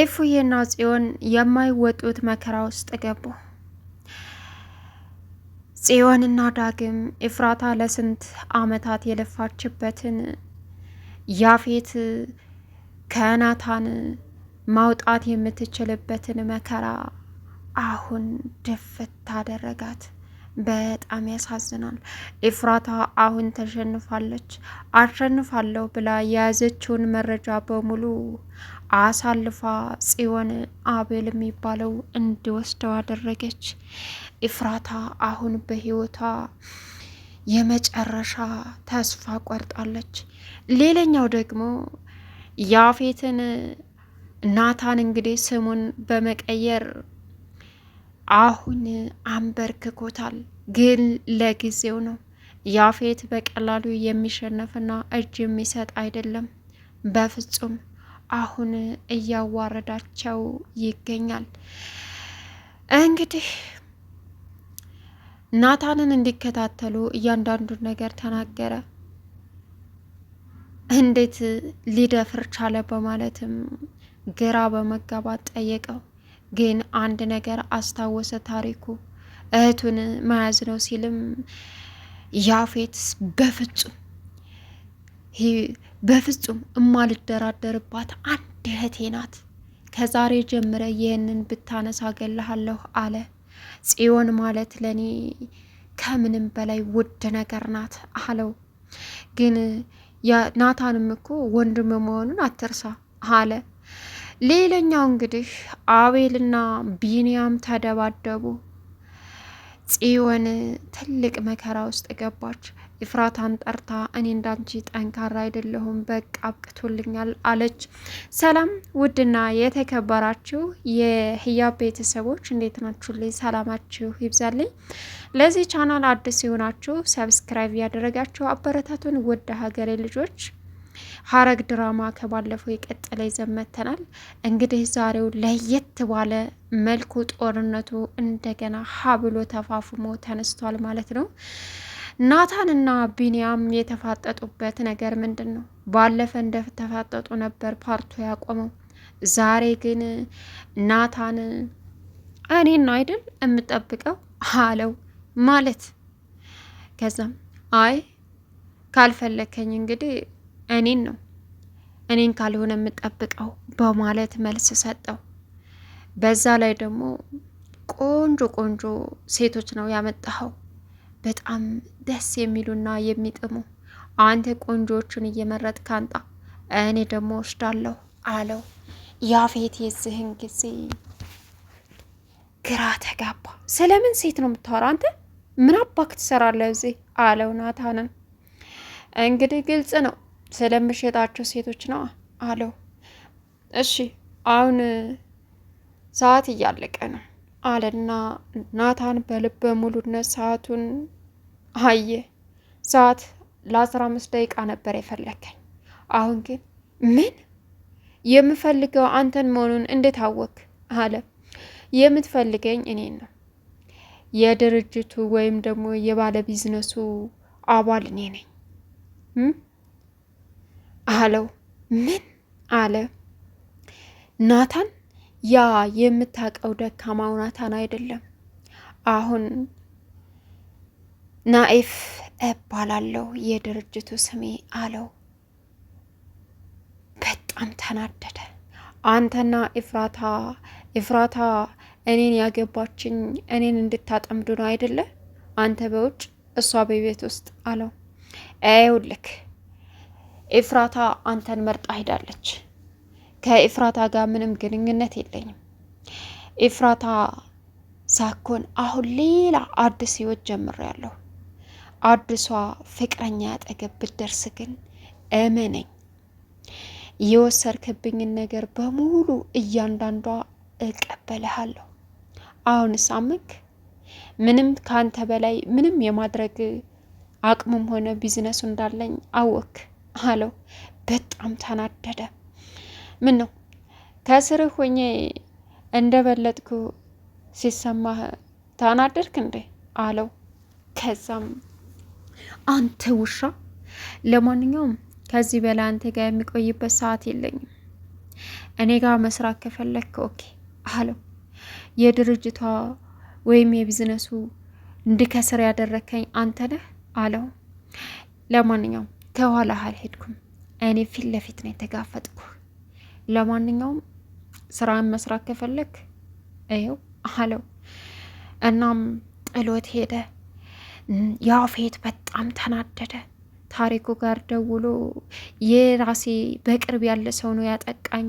ኢፉዬና ጽዮን የማይወጡት መከራ ውስጥ ገቡ። ጽዮንና ዳግም ኤፍራታ ለስንት አመታት የለፋችበትን ያፌት ከናታን ማውጣት የምትችልበትን መከራ አሁን ድፍት አደረጋት። በጣም ያሳዝናል። ኤፍራታ አሁን ተሸንፋለች። አሸንፋለሁ ብላ የያዘችውን መረጃ በሙሉ አሳልፋ ጽዮን አቤል የሚባለው እንዲወስደው አደረገች። ኢፍራታ አሁን በህይወቷ የመጨረሻ ተስፋ ቆርጣለች። ሌላኛው ደግሞ ያፌትን ናታን እንግዲህ ስሙን በመቀየር አሁን አንበርክኮታል፣ ግን ለጊዜው ነው። ያፌት በቀላሉ የሚሸነፍና እጅ የሚሰጥ አይደለም በፍጹም። አሁን እያዋረዳቸው ይገኛል። እንግዲህ ናታንን እንዲከታተሉ እያንዳንዱን ነገር ተናገረ። እንዴት ሊደፍር ቻለ በማለትም ግራ በመጋባት ጠየቀው። ግን አንድ ነገር አስታወሰ ታሪኩ እህቱን መያዝ ነው ሲልም ያፌት በፍጹም በፍጹም እማልደራደርባት አንድ እህቴ ናት። ከዛሬ ጀምረ ይህንን ብታነሳ ገልሃለሁ አለ። ጽዮን ማለት ለእኔ ከምንም በላይ ውድ ነገር ናት አለው። ግን ናታንም እኮ ወንድም መሆኑን አትርሳ አለ። ሌላኛው እንግዲህ አቤልና ቢንያም ተደባደቡ። ጽዮን ትልቅ መከራ ውስጥ ገባች። ኢፍራታን ጠርታ እኔ እንዳንቺ ጠንካራ አይደለሁም፣ በቃ አብቅቶልኛል አለች። ሰላም ውድና የተከበራችሁ የህያብ ቤተሰቦች እንዴት ናችሁልኝ? ሰላማችሁ ይብዛልኝ። ለዚህ ቻናል አዲስ የሆናችሁ ሰብስክራይብ ያደረጋችሁ አበረታቱን። ውድ ሀገሬ ልጆች ሀረግ ድራማ ከባለፈው የቀጠለ ይዘን እንግዲህ ዛሬው ለየት ባለ መልኩ ጦርነቱ እንደገና ሀብሎ ተፋፍሞ ተነስቷል ማለት ነው። ናታን እና ቢንያም የተፋጠጡበት ነገር ምንድን ነው? ባለፈ እንደተፋጠጡ ነበር ፓርቶ ያቆመው። ዛሬ ግን ናታን እኔና አይደል የምጠብቀው አለው ማለት ከዛም አይ ካልፈለከኝ እንግዲህ እኔን ነው እኔን ካልሆነ የምጠብቀው በማለት መልስ ሰጠው። በዛ ላይ ደግሞ ቆንጆ ቆንጆ ሴቶች ነው ያመጣኸው፣ በጣም ደስ የሚሉና የሚጥሙ አንተ ቆንጆዎቹን እየመረጥ ካንጣ እኔ ደግሞ ወስዳለሁ አለው። ያፌት የዚህን ጊዜ ግራ ተጋባ። ስለምን ሴት ነው የምታወራ አንተ? ምን አባክ ትሰራለህ እዚህ? አለው ናታንን። እንግዲህ ግልጽ ነው ስለምሸጣቸው ሴቶች ነው አለው። እሺ አሁን ሰዓት እያለቀ ነው አለና ናታን በልበ ሙሉነት ሰዓቱን አየ። ሰዓት ለአስራ አምስት ደቂቃ ነበር የፈለከኝ። አሁን ግን ምን የምፈልገው አንተን መሆኑን እንዴት አወክ? አለ የምትፈልገኝ እኔን ነው። የድርጅቱ ወይም ደግሞ የባለ ቢዝነሱ አባል እኔ ነኝ። አለው። ምን አለ ናታን? ያ የምታውቀው ደካማው ናታን አይደለም። አሁን ናኤፍ እባላለሁ የድርጅቱ ስሜ አለው። በጣም ተናደደ። አንተና ኢፍራታ ኢፍራታ እኔን ያገባችኝ እኔን እንድታጠምዱ ነው አይደለ? አንተ በውጭ እሷ በቤት ውስጥ አለው። ይኸውልህ ኤፍራታ አንተን መርጣ ሄዳለች። ከኤፍራታ ጋር ምንም ግንኙነት የለኝም። ኤፍራታ ሳኮን አሁን ሌላ አዲስ ህይወት ጀምሮ ያለሁ አዲሷ ፍቅረኛ ያጠገብ ብደርስ ግን እመነኝ የወሰድክብኝን ነገር በሙሉ እያንዳንዷ እቀበልሃለሁ። አሁን ሳምክ ምንም ከአንተ በላይ ምንም የማድረግ አቅሙም ሆነ ቢዝነሱ እንዳለኝ አወክ። አለው። በጣም ተናደደ። ምን ነው ከስር ሆኜ እንደበለጥኩ ሲሰማህ ተናደድክ እንዴ? አለው። ከዛም አንተ ውሻ፣ ለማንኛውም ከዚህ በላይ አንተ ጋር የሚቆይበት ሰዓት የለኝም። እኔ ጋር መስራት ከፈለግክ ኦኬ አለው። የድርጅቷ ወይም የቢዝነሱ እንድከስር ያደረከኝ አንተ ነህ አለው። ለማንኛውም ከኋላ አልሄድኩም። እኔ ፊት ለፊት ነው የተጋፈጥኩ። ለማንኛውም ስራን መስራት ከፈለግ ይኸው አለው። እናም ጥሎት ሄደ። ያፌት በጣም ተናደደ። ታሪኩ ጋር ደውሎ የራሴ በቅርብ ያለ ሰው ነው ያጠቃኝ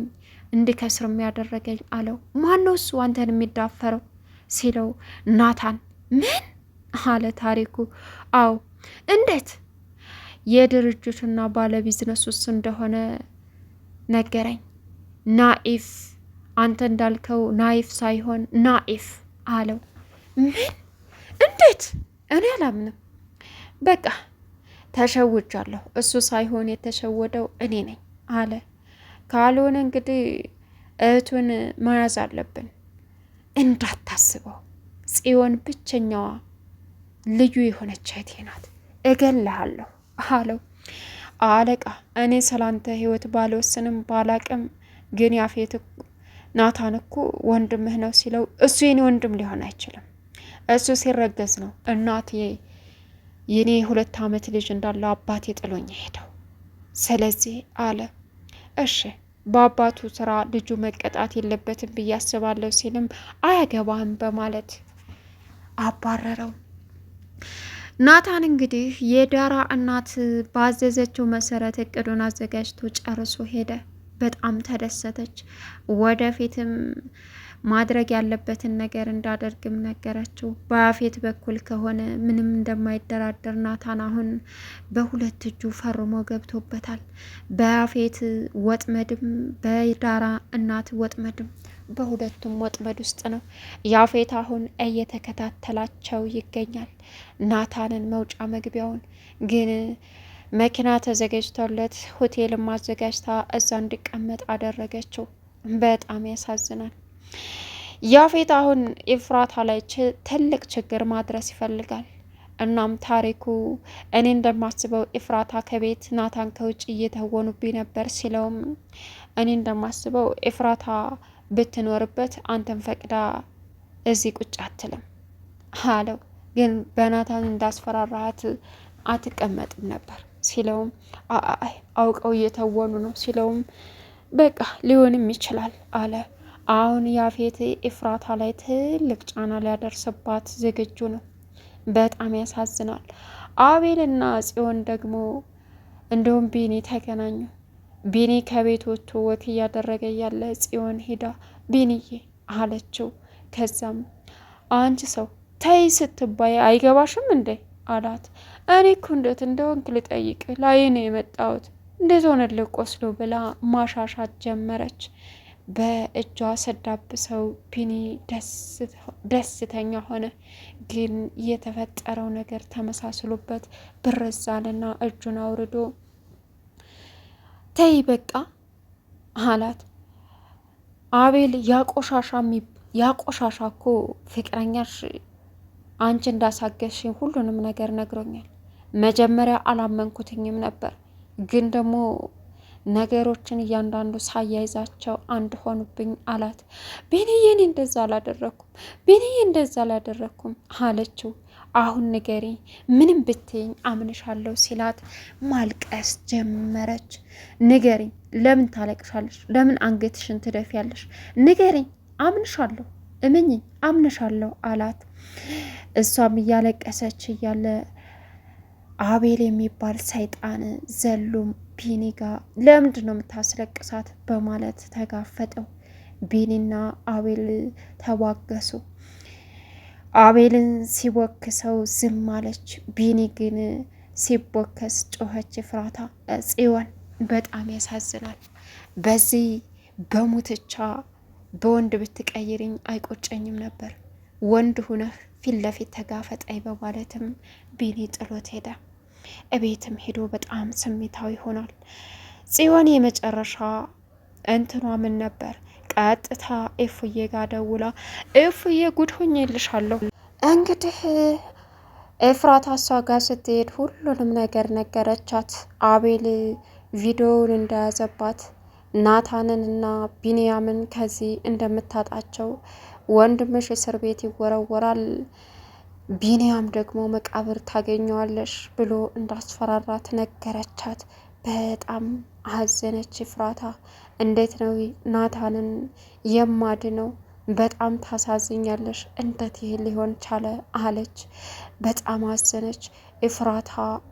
እንድከስር የሚያደረገኝ አለው። ማነው እሱ አንተን የሚዳፈረው ሲለው ናታን ምን አለ ታሪኩ። አዎ እንዴት የድርጅቱና ባለ ቢዝነሱ እንደሆነ ነገረኝ። ናኢፍ አንተ እንዳልከው ናይፍ ሳይሆን ናኢፍ አለው። ምን? እንዴት? እኔ አላምንም። በቃ ተሸውጃለሁ። እሱ ሳይሆን የተሸወደው እኔ ነኝ አለ። ካልሆነ እንግዲህ እህቱን መያዝ አለብን። እንዳታስበው ጽዮን ብቸኛዋ ልዩ የሆነች እህቴ ናት። እገልሃለሁ አለው። አለቃ እኔ ስላንተ ህይወት ባልወስንም ባላቅም ግን ያፌት ናታን እኮ ወንድምህ ነው ሲለው እሱ የኔ ወንድም ሊሆን አይችልም፣ እሱ ሲረገዝ ነው እናቴ የኔ ሁለት ዓመት ልጅ እንዳለው አባቴ ጥሎኝ ሄደው። ስለዚህ አለ እሺ በአባቱ ስራ ልጁ መቀጣት የለበትም ብዬ አስባለሁ ሲልም አያገባህም በማለት አባረረው። ናታን እንግዲህ የዳራ እናት ባዘዘችው መሰረት እቅዱን አዘጋጅቶ ጨርሶ ሄደ። በጣም ተደሰተች። ወደፊትም ማድረግ ያለበትን ነገር እንዳደርግም ነገረችው። በአፌት በኩል ከሆነ ምንም እንደማይደራደር ናታን አሁን በሁለት እጁ ፈርሞ ገብቶበታል። በአፌት ወጥመድም በዳራ እናት ወጥመድም በሁለቱም ወጥመድ ውስጥ ነው። ያፌት አሁን እየተከታተላቸው ይገኛል። ናታንን መውጫ መግቢያውን ግን መኪና ተዘጋጅቶለት ሆቴልም አዘጋጅታ እዛ እንዲቀመጥ አደረገችው። በጣም ያሳዝናል። ያፌት አሁን ኤፍራታ ላይ ትልቅ ችግር ማድረስ ይፈልጋል። እናም ታሪኩ እኔ እንደማስበው ኤፍራታ ከቤት ናታን ከውጭ እየተወኑብኝ ነበር ሲለውም እኔ እንደማስበው ኤፍራታ ብትኖርበት አንተን ፈቅዳ እዚህ ቁጭ አትልም አለው። ግን በናታን እንዳስፈራራሃት አትቀመጥም ነበር ሲለውም አውቀው እየተወኑ ነው ሲለውም በቃ ሊሆንም ይችላል አለ። አሁን ያፌት ኤፍራታ ላይ ትልቅ ጫና ሊያደርስባት ዝግጁ ነው። በጣም ያሳዝናል። አቤልና ጽዮን ደግሞ እንደውም ቢኒ ተገናኙ። ቢኒ ከቤት ወጥቶ ወክ እያደረገ ያለ ጽዮን ሄዳ ቢኒዬ አለችው። ከዛም አንቺ ሰው ተይ ስትባይ አይገባሽም እንዴ አላት። እኔ እኮ እንዴት እንደሆንክ ልጠይቅ ላይ ነው የመጣሁት እንዴት ሆነልህ ቆስሎ ብላ ማሻሻት ጀመረች። በእጇ ስዳብሰው ቢኒ ደስተኛ ሆነ። ግን የተፈጠረው ነገር ተመሳስሎበት ብርዛልና እጁን አውርዶ ተይ በቃ አላት። አቤል ያቆሻሻ እኮ ፍቅረኛሽ አንቺ እንዳሳገሽኝ ሁሉንም ነገር ነግሮኛል። መጀመሪያ አላመንኩትኝም ነበር፣ ግን ደግሞ ነገሮችን እያንዳንዱ ሳያይዛቸው አንድ ሆኑብኝ አላት። ቤንዬ እኔ እንደዛ አላደረኩም፣ ቤንዬ እንደዛ አላደረኩም አለችው። አሁን ንገሪ፣ ምንም ብትኝ አምንሻለሁ ሲላት ማልቀስ ጀመረች። ንገሪ፣ ለምን ታለቅሻለሽ? ለምን አንገትሽን ትደፊያለሽ? ንገሪኝ፣ አምንሻለሁ፣ እመኝኝ፣ አምንሻለሁ አላት። እሷም እያለቀሰች እያለ አቤል የሚባል ሰይጣን ዘሉም ቢኒ ጋ ለምንድን ነው የምታስለቅሳት? በማለት ተጋፈጠው። ቢኒና አቤል ተዋገሱ። አቤልን ሲወክሰው ዝም አለች። ቢኒ ግን ሲቦከስ ጮኸች። ፍራታ ጽዮን በጣም ያሳዝናል። በዚህ በሙትቻ በወንድ ብትቀይርኝ አይቆጨኝም ነበር፣ ወንድ ሁነህ ፊት ለፊት ተጋፈጠኝ በማለትም ቢኒ ጥሎት ሄደ። እቤትም ሄዶ በጣም ስሜታዊ ሆኗል። ጽዮን የመጨረሻ እንትኗ ምን ነበር ቀጥታ ኤፉዬ ጋር ደውላ ኤፉዬ ጉድ ሆኜልሻለሁ። እንግዲህ ኤፍራታ እሷ ጋር ስትሄድ ሁሉንም ነገር ነገረቻት። አቤል ቪዲዮውን እንደያዘባት ናታንን እና ቢንያምን ከዚህ እንደምታጣቸው ወንድምሽ እስር ቤት ይወረወራል፣ ቢንያም ደግሞ መቃብር ታገኘዋለሽ ብሎ እንዳስፈራራት ነገረቻት። በጣም አዘነች ኤፍራታ። እንዴት ነው ናታንን የማድነው? በጣም ታሳዝኛለሽ። እንዴት ይህ ሊሆን ቻለ? አለች። በጣም አዘነች ኤፍራታ።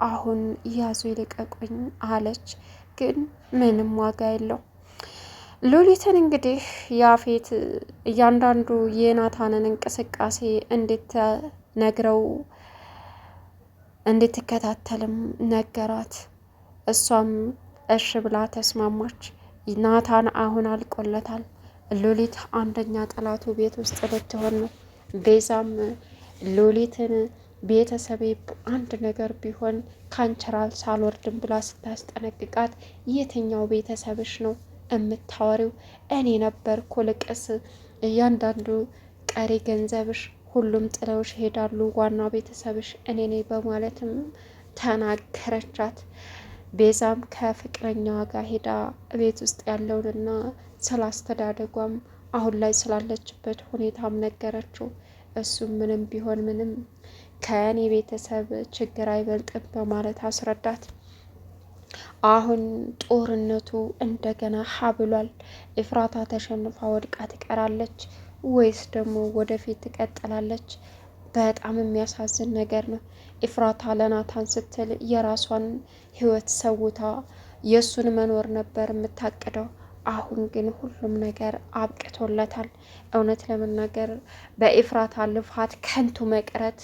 አሁን ያዙ ይልቀቁኝ አለች። ግን ምንም ዋጋ የለው ሉሊትን እንግዲህ ያፌት እያንዳንዱ የናታንን እንቅስቃሴ እንድትነግረው እንድትከታተልም ነገራት። እሷም እሽ ብላ ተስማማች። ናታን አሁን አልቆለታል። ሉሊት አንደኛ ጠላቱ ቤት ውስጥ ልትሆን ነው። ቤዛም ሉሊትን ቤተሰቤ አንድ ነገር ቢሆን ካንቸራል ሳልወርድም ብላ ስታስጠነቅቃት የትኛው ቤተሰብሽ ነው የምታወሪው? እኔ ነበርኩ ልቅስ እያንዳንዱ ቀሪ ገንዘብሽ ሁሉም ጥለውሽ ይሄዳሉ፣ ዋናው ቤተሰብሽ እኔ ነኝ በማለትም ተናገረቻት። ቤዛም ከፍቅረኛዋ ጋር ሄዳ ቤት ውስጥ ያለውንና ስለ አስተዳደጓም አሁን ላይ ስላለችበት ሁኔታም ነገረችው። እሱም ምንም ቢሆን ምንም ከእኔ ቤተሰብ ችግር አይበልጥም በማለት አስረዳት። አሁን ጦርነቱ እንደገና ሀብሏል። እፍራታ ተሸንፋ ወድቃ ትቀራለች ወይስ ደግሞ ወደፊት ትቀጥላለች? በጣም የሚያሳዝን ነገር ነው። ኢፍራታ ለናታን ስትል የራሷን ህይወት ሰውታ የእሱን መኖር ነበር የምታቅደው። አሁን ግን ሁሉም ነገር አብቅቶለታል። እውነት ለመናገር በኢፍራታ ልፋት ከንቱ መቅረት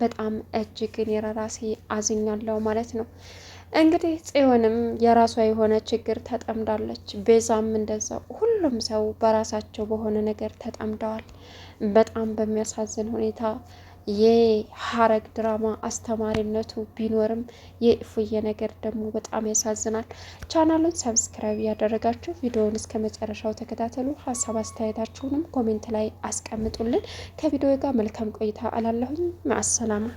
በጣም እጅግን የራሴ አዝኛለሁ ማለት ነው። እንግዲህ ጽዮንም የራሷ የሆነ ችግር ተጠምዳለች። ቤዛም እንደዛው ሁሉም ሰው በራሳቸው በሆነ ነገር ተጠምደዋል። በጣም በሚያሳዝን ሁኔታ የሀረግ ድራማ አስተማሪነቱ ቢኖርም የእፉዬ ነገር ደግሞ በጣም ያሳዝናል። ቻናሉን ሰብስክራይብ ያደረጋችሁ ቪዲዮውን እስከ መጨረሻው ተከታተሉ። ሀሳብ አስተያየታችሁንም ኮሜንት ላይ አስቀምጡልን። ከቪዲዮ ጋር መልካም ቆይታ አላለሁኝ። መአሰላማ